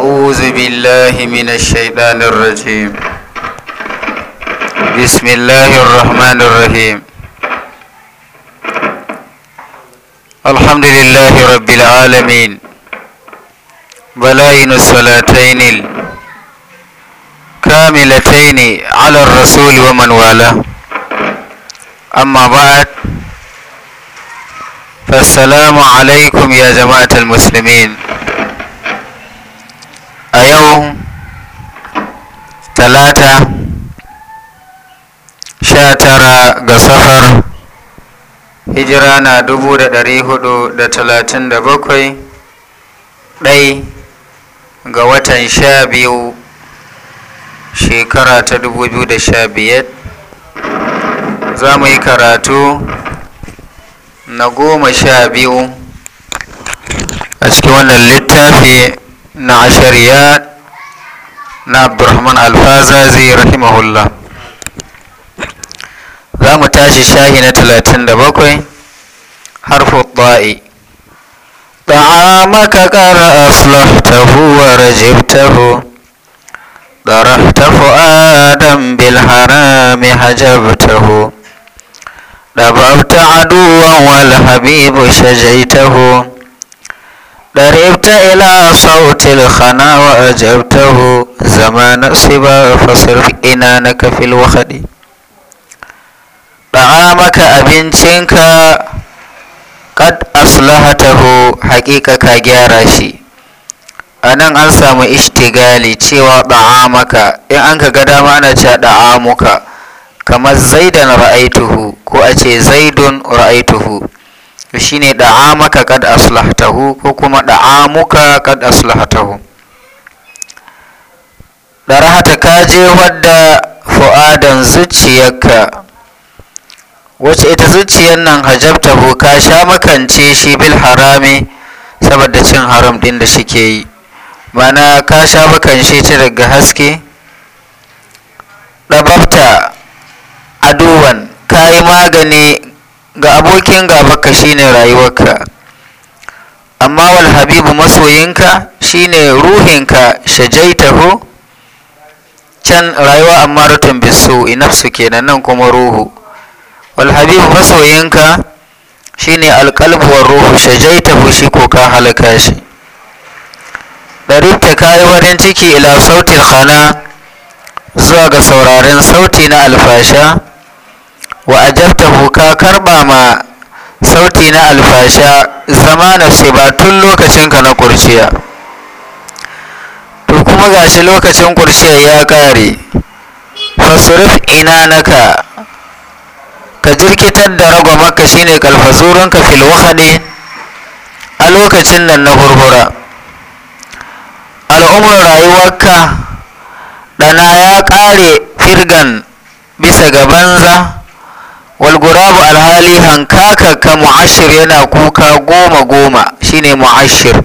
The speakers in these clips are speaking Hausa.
أعوذ بالله من الشيطان الرجيم بسم الله الرحمن الرحيم الحمد لله رب العالمين بلاين الصلاتين الكاملتين على الرسول ومن والاه أما بعد فالسلام عليكم يا جماعة المسلمين yau talata sha tara ga safar hijira na dubu da ɗari hudu da talatin da bakwai ɗai ga watan sha biyu shekara ta dubu biyu da sha biyar za mu yi karatu na goma sha biyu a cikin wannan littafi نعشريان عبد الرحمن الفازازي رحمه الله za mu tashi shahi دبوكوين حرف الضائي طعامك قد أصلحته ورجبته ضرحت فؤادا بالحرام حجبته لببت عدوا والحبيب شجيته دربت إلى صوت الخنا وأجبته زمان الصبا فصرف إنانك في الوخد طعامك أبنشنك قد أصلحته حقيقة كجارشي a nan an samu ishtigali cewa da'amaka in an ka ga dama ana cewa da'amuka kamar zaidan ra'aituhu ko a ce zaidun ra'aituhu to shine amaka kad aslahtahu ko kuma amuka kad aslahtahu rahata ka je wadda fu'adan zuciyarka wacce ita zuciyar nan hajabtahu ka sha makance shi bil harami saboda cin haram din da shike yi mana ka sha makance ta daga haske ɗababta aduwan ka yi magani ga abokin gabarka shine rayuwarka amma wal habibu masoyinka shine ruhinka shajaitahu can rayuwa amma rutun biso inafsu kenan nan kuma ruhu wal habibu masoyinka shine alƙalbuwar ruhu shajaitahu shi ko ka halaka shi ɗaribta kayi warin ciki ila sautin khana zuwa ga sauraren sauti na alfasha wa ajabtahu ka karba ma sauti na alfasha zamana ba tun lokacinka na kurciya to kuma gashi lokacin kurciya ya kare ina naka. ka jirkitar da ragwamarka shine kalfasurunka filwahane a lokacin nan na hurhura al'umar rayuwarka ɗana ya kare firgan bisa ga banza walgurabu alhali hankaka ka mu'ashir yana kuka goma goma shine mu'ashir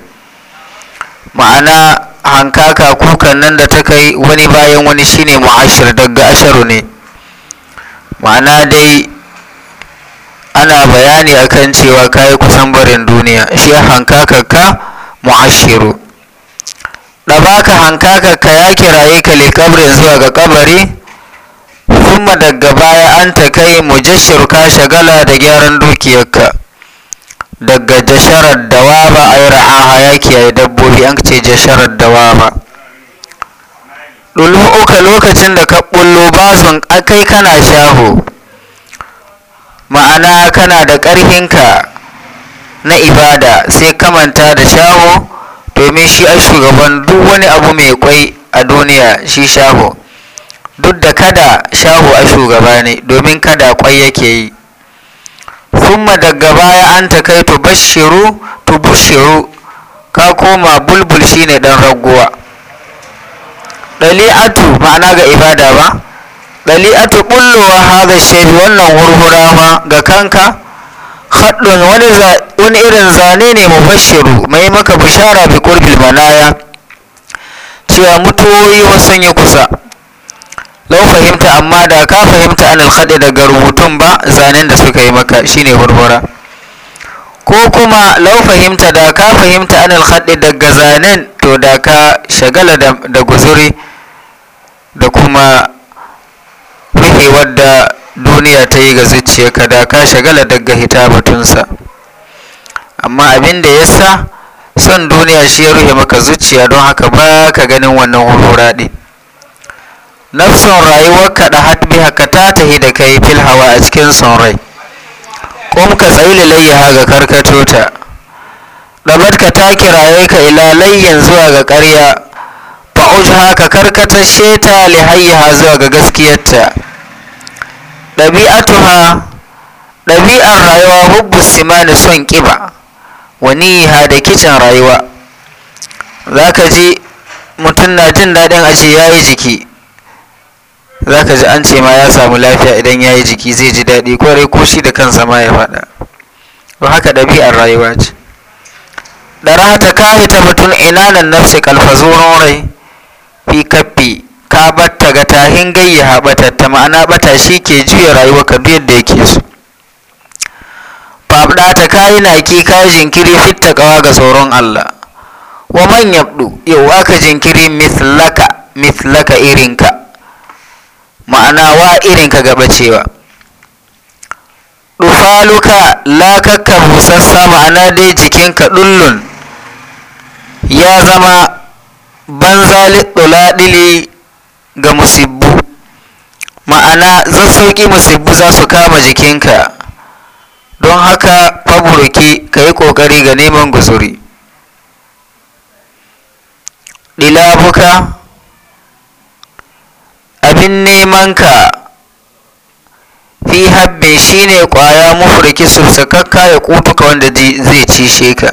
ma'ana hankaka nan da ta kai wani bayan wani shine mu'ashir daga asharu ne ma'ana dai ana bayani akan cewa kayi kusan barin duniya shi hankaka ka mu'ashiru ɗabaka hankaka ka ya kiraye ka likabrin zuwa ga kabari summa daga baya an ta kai mujashshir ka shagala da gyaran dukiyarka daga jasharar dawaba yi ra'aha ya kiyaye dabbobi an ce jasharar dawaba uka lokacin da ka bullo bazun kai kana shaho ma'ana kana da ƙarfinka na ibada sai ka manta da shaho domin shi a shugaban duk wani abu mai kwai a duniya shi shaho duk da kada shahu a shugaba ne domin kada kwai yake yi summa daga baya an ta kai tubashiru tubushiru ka koma bulbul shine dan raguwa dali'atu ma'ana ga ibada ba dali'atu bullowa haza shebi wannan ma ga kanka haɗin wani irin zane ne mubashiru mai maka bishara bi qurbil manaya cewa mutuwoyi wasan ya kusa lau fahimta amma da ka fahimta anil khadi daga rubutun ba zanen da suka yi maka shine hurhura ko kuma lau fahimta da ka fahimta anil khadi daga zanen to da ka shagala da guzuri da kuma rufewar da duniya ta yi ga zuciyarka da ka shagala daga hita batunsa amma abin da ya sa son duniya shi ya rufe maka zuciya don haka ba ka ganin wannan hurhura ɗin rayuwar rayuwarka da hatbiha ka ta tahi da kai fil hawa a cikin son kum ka tsayi lilayya ga karkato ta ɗabar ka ta kiraye ka ilalayyan zuwa ga ƙarya fa'uj ka karkatashe ta lihayya zuwa ga gaskiyarta ɗabi'atuha ɗabi'ar rayuwa hubbu simani son wani waniha da kicin rayuwa za ka ji mutum na jin daɗin ashe jiki za ka ji an ce ma ya samu lafiya idan ya yi jiki zai ji daɗi kwarai ko shi da kansa ma ya faɗa ba haka ɗabi'ar rayuwa ce ɗara ta kahi ta batun inanan nafsi kalfazoron rai fi kaffi ka batta ga tahin gayya haɓata ta ma'ana bata shi ke juya rayuwa ka biyar da yake so fabɗa ta kayi na ki kayi jinkiri fitta kawa ga sauran Allah wa man yabdu yau aka jinkiri mislaka mislaka irinka ma'ana wa irin ka gaba cewa dufaluka lakakka musassa ma'ana dai jikinka dullun ya zama banza liɗulaɗili ga musibbu ma'ana zazzoƙi musibbu za su kama jikinka don haka faburuki ka yi ƙoƙari ga neman guzuri ɗilabuka neman nemanka fi habbin shine kwaya mafurki sufsakakka ya kutuka wanda zai cishe ka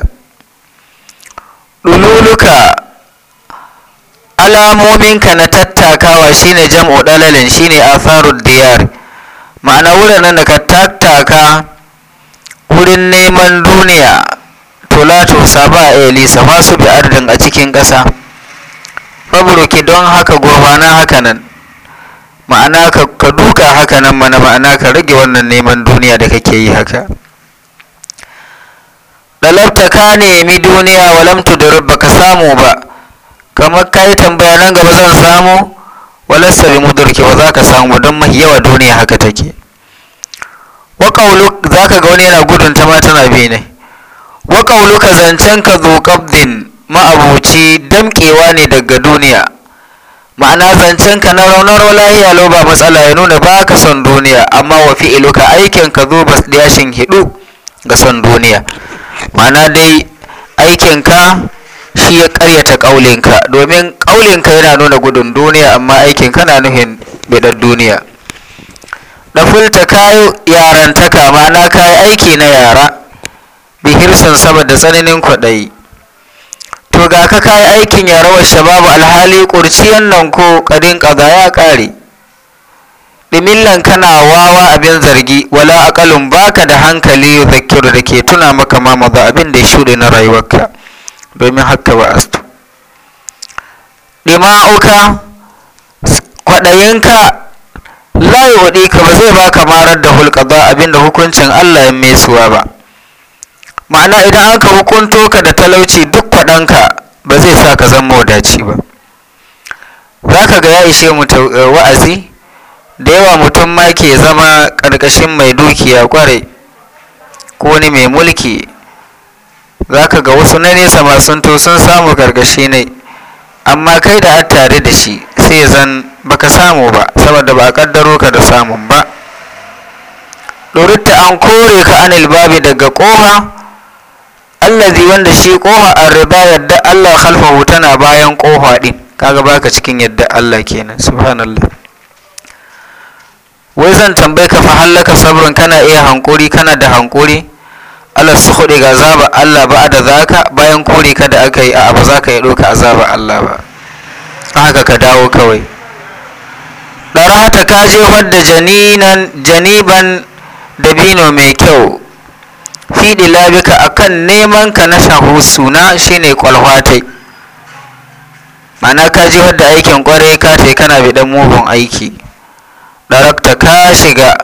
ɗululuka alamominka na tattakawa shine jam'u dalalin shine atharud diyar ma'ana wurin da ka tattaka wurin neman duniya tulato saba a elisa masu bi ardin a cikin ƙasa faburuki don haka gurbana haka nan ma'ana ka duka haka nan mana ma'ana ka rage wannan neman duniya da kake yi haka Dalabta ka nemi duniya walam da ba ka samu ba kamar ka yi tambaya nan gaba zan samu walasta bi mudurki ba za ka samu don mahi yawa duniya haka take wa ƙaulu za ka ga wani yana gudun ta mata tana bi ne wa ƙaulu ka zancen ka zo ƙabdin ma'abuci damƙewa ne daga duniya ma'ana zancen ka na raunar lahiya lo ba matsala ya nuna ba ka son duniya amma wa fi'iluka aikin ka zo ba yashin hidu ga son duniya ma'ana dai aikin ka shi ya karyata kaulinka domin kaulinka yana nuna gudun duniya amma aikin ka na nuhin bidar duniya dafulta kayo yarantaka ma'ana kayi aiki na yara bihirsin saboda tsananin kwaɗayi to ga ka kayi aikin ya rawar shababu alhali ƙurciyan nan ko ƙarin ƙaza ya ƙare dimillan kana wawa abin zargi wala aƙalin baka da hankali zakiru da ke tuna maka ma maza abin da ya shuɗe na rayuwarka domin haka ba astu ɗima'uka kwaɗayinka layi waɗi ka ba zai baka marar da hulƙa ba abin da hukuncin allah ya mesuwa ba ma'ana idan aka hukunto ka da talauci duk kwaɗanka ba zai sa ka zama wadaci ba za ka ga ya ishe eh, wa'azi da yawa mutum ma ke zama ƙarƙashin mai dukiya ƙwarai ko ni mai mulki za ka ga wasu na nesa masu to sun samu ƙarƙashi ne amma kai da har tare da shi sai zan baka samu ba saboda ba ƙaddaro ka da samun ba ɗorita an kore ka anil babi daga ƙoha allazi wanda shi koha arriba yadda Allah khalfahu tana bayan koha din kaga baka cikin yadda Allah kenan subhanallah wai zan tambaye ka fa hallaka sabrin kana iya hankuri kana da hankuri Allah su hudu ga azaba Allah ba da zaka bayan kore ka da aka yi a ba za ka yi azaba Allah ba haka ka dawo kawai ta ka jefar da janinan janiban dabino mai kyau fi Labika, akan neman ka na shahu suna shine kwalhwatai ma'ana ka ji wadda aikin kwarai ka ce kana bidan mugun aiki darakta ka shiga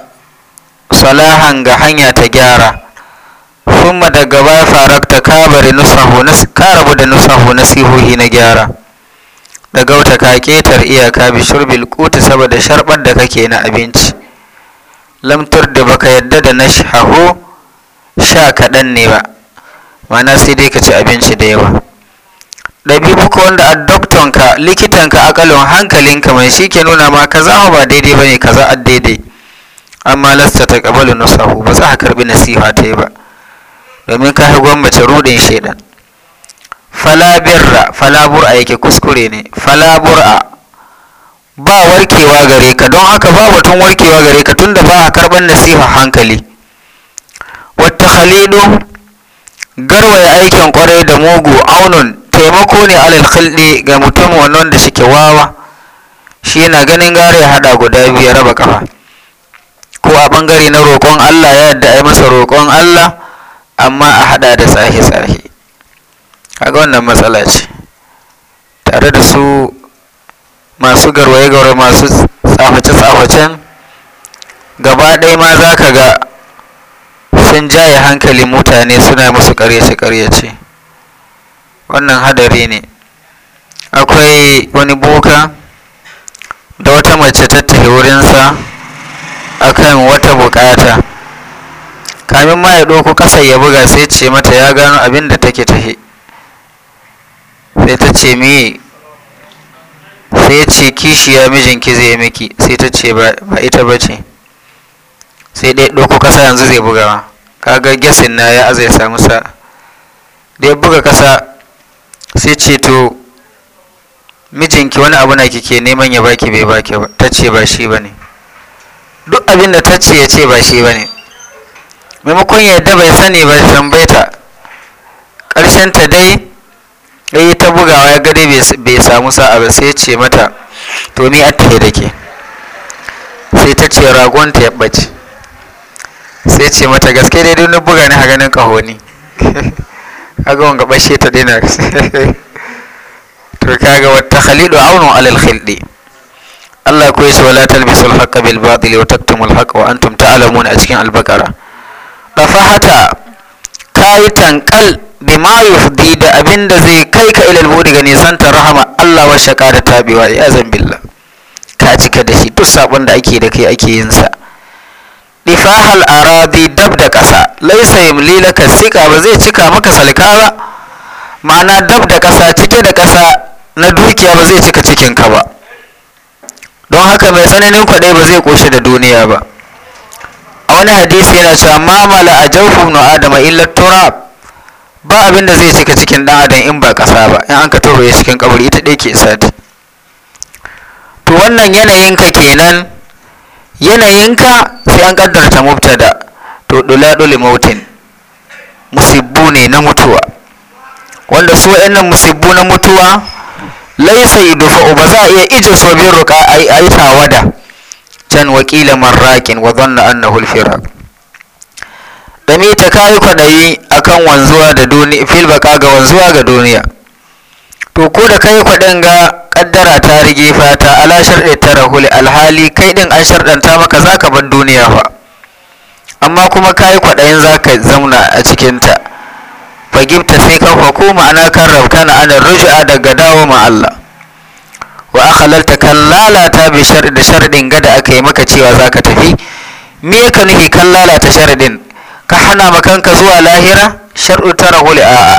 salahan ga hanya ta gyara kuma daga baya farakta ka bari nusahu ka rabu da nusahu nasihohi na gyara da gauta ka ketar iyaka bi shurbil kuta saboda sharbar da kake na abinci lamtar da baka yadda da nashahu sha kaɗan ne ba mana sai dai ka ci abinci da yawa Ɗabi ko wanda a doktonka likitanka akalin hankalinka mai shi ke nuna ma kaza ba daidai ba ne kaza a daidai amma lasta ta ƙabalu nusahu ba za a karɓi nasiha ta yi ba domin ka yi gwammace rudin shaidan falabirra falabura yake kuskure ne falabura ba warkewa gare ka don haka ba batun warkewa gare ka tunda ba a karɓar nasiha hankali wata khalilu garwaya aikin kwarai da mugu aunun taimako ne alal khildi ga mutum wannan da suke wawa shi yana ganin gare ya haɗa guda biyar raba kafa ko a ɓangare na roƙon Allah ya yadda ai masa roƙon Allah amma a haɗa da tsahi tsahi kaga wannan matsala ce tare da su masu garwaye garwaye masu tsaface tsafacen gaba ɗaya ma za ka ga hankalin mutane suna musu ƙaryace-ƙaryace wannan hadari ne akwai wani boka da wata mace ta tafi wurinsa akan wata bukata kamin ma ya ɗauko ƙasa ya buga sai ce mata ya gano abin da take tahi sai ta ce miye sai ce kishiya mijinki zai miki sai ta ce ba ita ba ce sai dai ɗauko ƙasa yanzu zai bugawa kaga gesin na ya aza ya samu sa da ya buga kasa sai ce to mijinki wani abu na kike neman ya baki bai baki ba ta ce ba shi ba ne duk abin da ta ce ya ce ba shi ba ne maimakon yadda bai sani ba tambayta ta dai ya yi ta bugawa ya gade bai samu sa ba sai ce mata to ni a da ke sai ta ce ta ya ɓace sai ce mata gaske dai duk buga ni haganin kahoni kaga wanga bashe ta dina to kaga wa takhalidu aunu alal khildi Allah ko yace wala talbisul haqq bil batil wa taktumul haqq wa antum ta'lamun a cikin al-baqara dafahata kai tankal bima yufdi da abinda zai kai ka al budi ga ta rahama Allah wa shaka da tabiwa ya zambilla ka cika da shi duk sabon da ake da kai ake yin sa nifahal aradi dab da ƙasa laisa yimli ka sika ba zai cika maka salka ba ma'ana dab da ƙasa cike da ƙasa na dukiya ba zai cika cikinka ba don haka mai tsananin kwaɗai ba zai ƙoshi da duniya ba a wani hadisi yana cewa mamala a jawfu na adama illa turab ba abin da zai cika cikin dan adam in ba ƙasa ba in an ka tobe cikin kaburi ita ɗaya ke sati to wannan yanayin ka kenan yanayinka sai an kaddarta mubtada to duladu mautin musibbu ne na mutuwa wanda su nan musibbu na mutuwa laisa yudfa'u ba za a iya ije su bin ruka ai ai tawada can wakila marrakin wa dhanna annahu hulfira. da ni ta kai kwadayi akan wanzuwa da duniya ga wanzuwa ga duniya to ko da kai kwadan ga kaddara ta rige fata ala tara rahul alhali kai ɗin an sharɗanta maka za ka bar duniya fa amma kuma ka yi kwaɗayin za ka zauna a cikinta gifta sai ka ko ma'ana kan rabkana anan ruj'a daga dawo ma Allah wa akhalalta kan lalata bi sharɗi da sharɗin gada aka yi maka cewa za ka tafi me ya ka nufi kan lalata sharɗin ka hana makanka zuwa lahira sharɗu tarahul a'a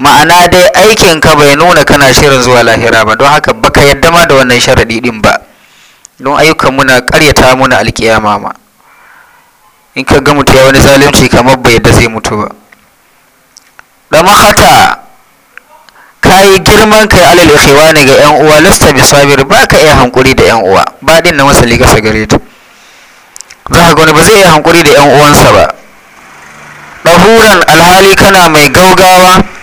ma'ana dai aikin ka bai nuna kana shirin zuwa lahira ba don haka baka yadda ma da wannan sharadi din ba don ayyukan muna karyata muna alkiyama ma in ka ga mutu ya wani zalunci kamar bai yadda zai mutu ba da mahata ka yi girman kai alal ikhwa ne ga yan uwa lasta bi sabir ba ka iya hankuri da yan uwa ba din na masali gasa gare ta za ka gani ba zai iya hankuri da yan uwansa ba ɗahuran alhali kana mai gaugawa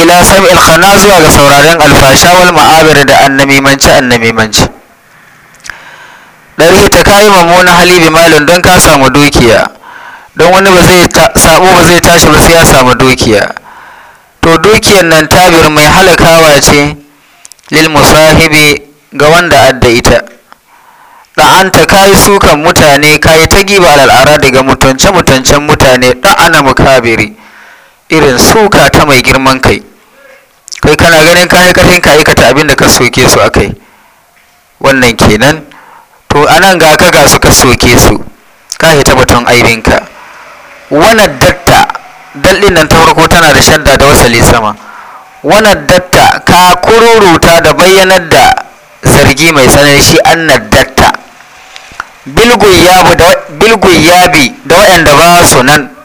ila sam'il khana zuwa ga sauraren alfasha wal ma'abir da annabi manci dari ta kai mamuna hali bi malin don ka samu dukiya don wani ba zai sabo ba zai tashi ba sai ya samu dukiya to dukiyar nan tabir mai halakawa ce lil musahibi ga wanda adda ita da'anta kayi sukan mutane kayi ta giba al'ara daga mutunce mutuncen mutane ana mukabiri irin suka ta mai girman kai kai kana ganin kayan kashin ka aikata abin da ka soke su a kai wannan kenan to anan ga ka ga su ka soke su ka hita batun aibinka wannan datta dallin nan ta farko tana da shadda da wasali sama wannan datta ka kururuta da bayyanar da zargi mai tsanani shi annan datta bilgun yabi da waɗanda ba su nan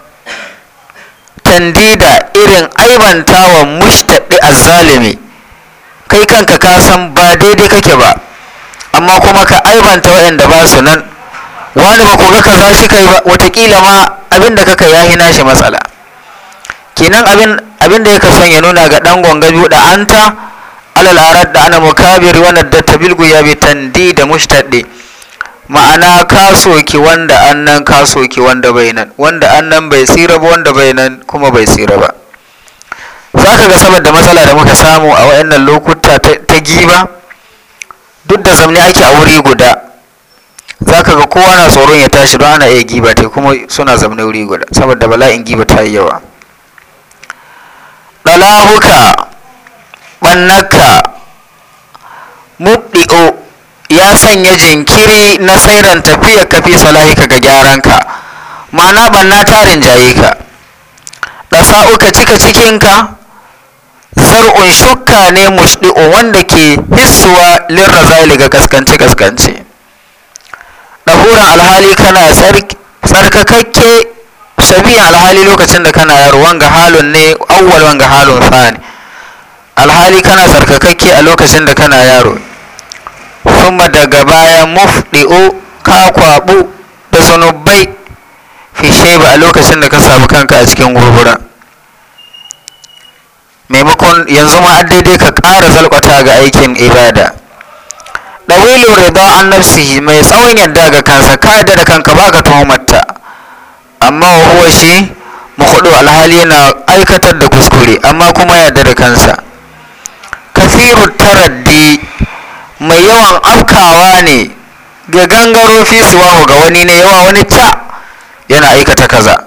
da irin aibantawa mushtaɗi azzalimi kai kanka ka san ba daidai kake ba amma kuma ka aibanta waɗanda ba su nan wani ba koga ga kaza shi kai ba watakila ma abin da kaka yahi nashi matsala kenan abin abin da ya kasan ya nuna ga dan gonga biyu da anta alal arad da ana mukabir wannan da tabilgu ya bi tandi da mushtaddi ma'ana ka soki wanda annan ka soki wanda bai nan wanda annan bai tsira ba wanda bai nan kuma bai tsira ba za ka ga saboda matsala da muka samu a wayannan lokuta ta giba duk da zamani ake a wuri guda za ka ga kowa na tsoron ya tashi don ana iya giba ta kuma suna zamani wuri guda saboda bala'in giba ta yi yawa ɗalabuka ɓannaka muɗi'o ya sanya jinkiri na sairan tafiya ka fi salahika ga gyaranka ma'ana banna tarin jaye ka ɗasa uka cika cikinka zar'un shukka ne mushdi'u wanda ke hissuwa lirrazaili ga kaskance kaskance ɗahuran alhali kana tsarkakakke shabiyan alhali lokacin da kana yaro wanga halun ne awwal wanga halun sani alhali kana tsarkakakke a lokacin da kana yaro daga baya mufdi'u ka kwaɓu da sanubai fi shaiba a lokacin da ka samu kanka a cikin gurgura maimakon yanzu ma daidai ka ƙara zalkwata ga aikin ibada ɗawilu rida an nafsihi mai tsawon yadda ga kansa ka yadda da kanka baka tuhumarta amma wa huwa shi muhudu alhali yana aikatar da kuskure amma kuma yadda da kansa kasiru taraddi mai yawan afkawa ne ga gangaro fi siwahu ga wani ne yawa wani ca yana aikata kaza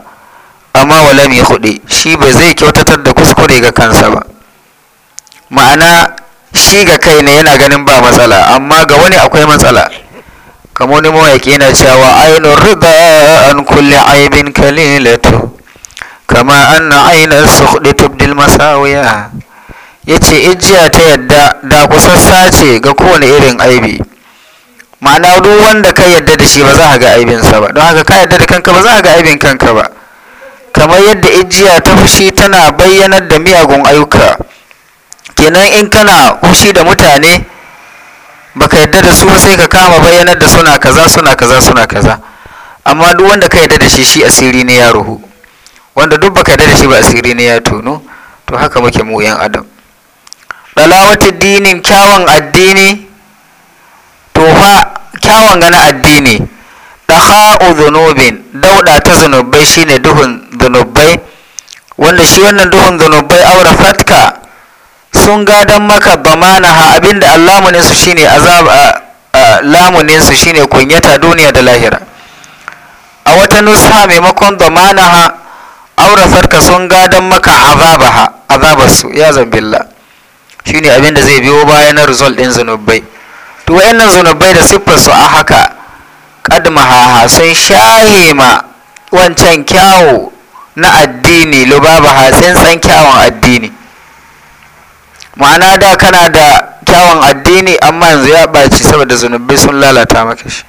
amma wala mai hudu shi ba zai kyautatar da kuskure ga kansa ba ma'ana shi ga kai ne yana ganin ba matsala amma ga wani akwai matsala kamar wani mawaƙi yana cewa ainihin rida an kulle aibin kalilatu kama an na ainihin su hudu tubdil masawiya ya ce ijiya ta yadda da kusassa ce ga kowane irin aibi ma'ana duk wanda ka yadda da shi ba za a ga aibinsa ba don haka ka yadda da kanka ba za a ga aibin kanka ba kamar yadda ijiya ta fushi tana bayyanar da miyagun ayyuka kenan in kana fushi da mutane baka yadda da su sai ka kama bayyanar da suna kaza suna kaza suna kaza amma duk wanda ka yadda da shi shi asiri ne ya ruhu wanda duk baka yadda da shi ba asiri ne ya tono to haka muke mu yan adam ɗalawata dinin kyawun addini to fa kyawun gana addini ɗaha'u zunubin dauda ta zunubai shine duhun zunubai wanda shi wannan duhun zunubai aure fatka sun gadon maka bamana ha abinda allamuninsu shine azab lamuninsu shine kunyata duniya da lahira a wata nusa maimakon bamana ha aure fatka sun gadon maka azabaha azabarsu ya zambilla shine abin da zai biyo baya na result din zunubai to wayannan zunubai da siffar su a haka kadmaha sun shahe ma wancan kyawu na addini lubaba ha tsantsan kyawun addini ma'ana da kana da kyawun addini amma yanzu ya ɓaci saboda zunubai sun lalata maka shi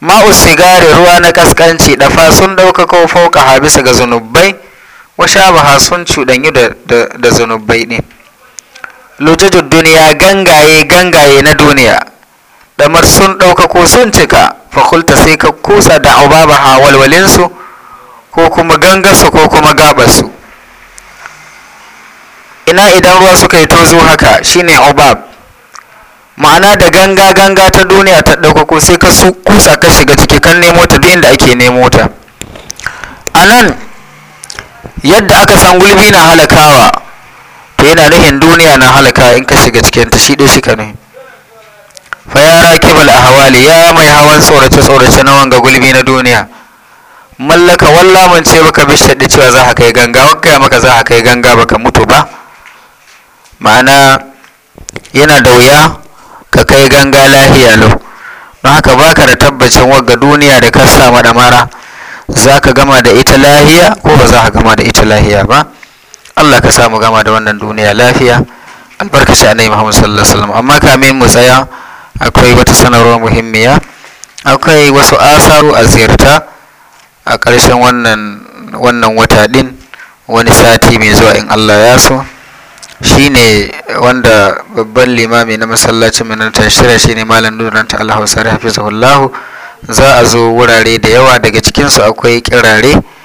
ma'u sigari ruwa na kaskanci dafa sun ko fauka ha bisa ga zunubai washa ba sun cuɗanyi da zunubai ne lutajud duniya gangaye gangaye na duniya damar sun ɗaukako sun cika fakulta sai ka kusa da ha walwalinsu ko kuma gangarsu ko kuma gabarsu ina idan ruwa suka yi tozo haka shine ubab ma'ana da ganga ganga ta duniya ta ɗaukako sai ka su kusa ka shiga ciki kan nemo ta duk inda ake nemo ta a nan yadda aka san gulbi na halakawa yana nufin duniya na halaka in ka shiga cikin ta shi dai shi ka ne fa ya rakibal ahwali ya mai hawan tsorace tsorace na wanga gulbi na duniya mallaka walla mun ce baka bishadi cewa za ka kai ganga wanka maka za ka kai ganga baka mutu ba ma'ana yana da wuya ka kai ganga lahiya lau don haka baka da tabbacin wagga duniya da ka samu mara za ka gama da ita lahiya ko ba za ka gama da ita lahiya ba Allah ka samu gama da wannan duniya lafiya albarkaci annabi Muhammad sallallahu alaihi wasallam amma kamin mu tsaya akwai wata sanarwar muhimmiya akwai wasu asaru a ziyarta a ƙarshen wannan wannan wata din wani sati mai zuwa in Allah ya so shine wanda babban limami na masallacin minan tashira shine malam ta Allah hausare hafizahullahu za a zo wurare da yawa daga cikinsu akwai kirare